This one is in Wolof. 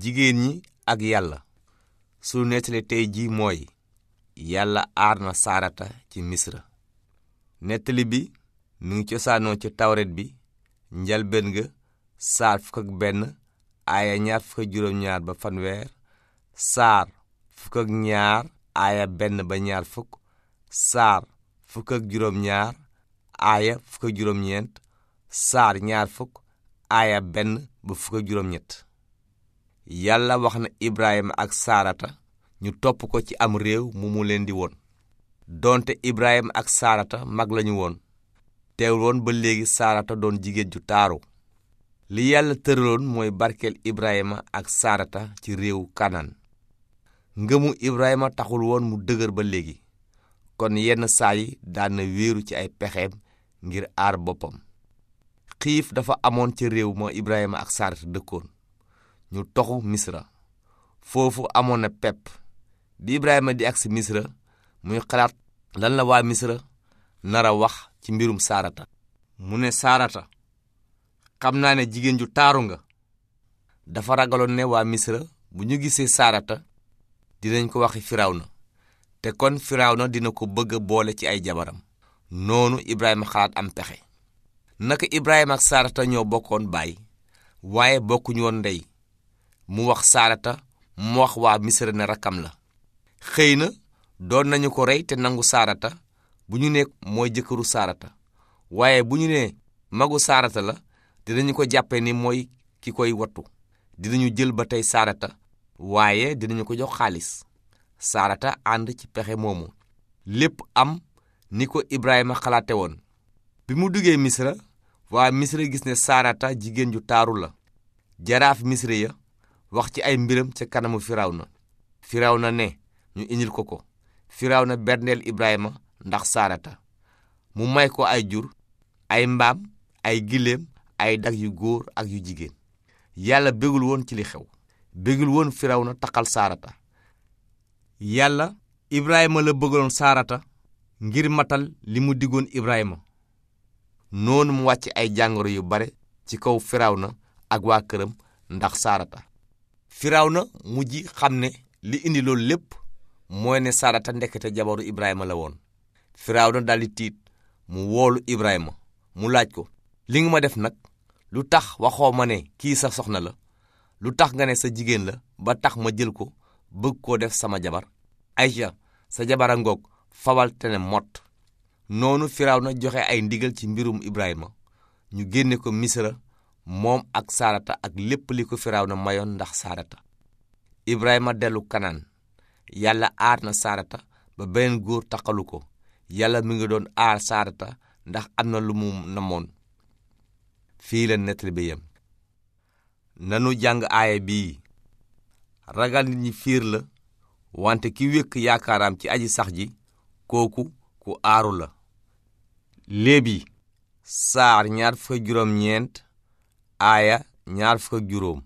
jigéen ñi ak yàlla su nettali tey ji mooy yàlla aar na saarata ci misra nettali bi mu ngi cosaanoo ci tawret bi njalbéen ga saar fukk ak benn aaya ñaar fukk ak juróom ñaar ba fanweer saar fukk ak ñaar aaya benn ba ñaar fukk saar fukk ak juróom ñeent saar ñaar fukk aaya benn ba fukk ak juróom ñett yàlla wax na Ibrahima ak Saarata ñu topp ko ci am réew mu mu leen di woon donte Ibrahima ak Saarata mag lañu woon teewul woon ba léegi Saarata doon jigéen ju taaru li yàlla tëraloon mooy barkeel Ibrahima ak Saarata ci réewu Kanaan ngëmu Ibrahima taxul woon mu dëgër ba léegi kon yenn saa yi daan wéeru ci ay pexeem ngir aar boppam xiif dafa amoon ca réew ma Ibrahima ak Saarata dëkkoon ñu toxu misra foofu amoon na pepp bi Ibrahima di agsi misra muy xalaat lan la waa misra nara wax ci mbirum saarata mu ne saarata xam naa ne jigéen ju taaru nga dafa ragaloon ne waa misra bu ñu gisee saarata dinañ ko waxi firawna te kon firawna dina ko bëgg a boole ci ay jabaram noonu Ibrahima xalaat am pexe naka Ibrahima ak saarata ñoo bokkoon baay waaye bokkuñu woon ndey mu wax saarata mu wax waa misra ne rakkam la xëy na doon nañu ko rey te nangu saarata bu ñu ne mooy jëkkëru saarata waaye bu ñu nee magu saarata la dinañu ko jàppe ni mooy ki koy wattu dinañu jël ba tey saarata waaye dinañu ko jox xaalis sarata ànd ci pexe moomu lépp am ni ko ibrahima xalaate woon bi mu diggee misra waa misra gis ne saarata jigéen ju taaru la jaraaf misra ya wax ci ay mbiram ca kanamu na firawna na ne ñu indil ko ko firawna berndeel ibrahima ndax saarata mu may ko ay jur ay mbaam ay giléem ay dag yu góor ak yu jigéen yàlla bégul woon ci li xew béggul woon na taqal saarata yàlla ibrahima la bëggoon saarata ngir matal li mu diggoon ibrahima noonu mu wàcc ay jàngoro yu bare ci kaw na ak waa këram ndax saarata na mu ji xam ne li indi loolu lépp mooy ne Sarata ndekete jabaru Ibrahima la woon Firawna daldi tiit mu woolu Ibrahima mu laaj ko li nga ma def nag lu tax waxoo ma ne kii sa soxna la lu tax nga ne sa jigéen la ba tax ma jël ko bëgg koo def sama jabar Aysa sa jabara a ngoog fawal te ne mott noonu na joxe ay ndigal ci mbirum Ibrahima ñu génne ko Misra moom ak sarata ak lépp li ko na mayoon ndax sarata ibrahima dellu kanaan yàlla aar na sarata ba beneen góor taqalu ko yàlla mu ngi doon aar sarata ndax am na lu mu namoon fii la nettali bi yem nanu jàng aaya bii ragal nit ñi fiir la wante ki wékk yaakaaraam ci aji sax ji kooku ku aaru la léebi saar ñaar fukki juróom aaya ñaar fukk juróom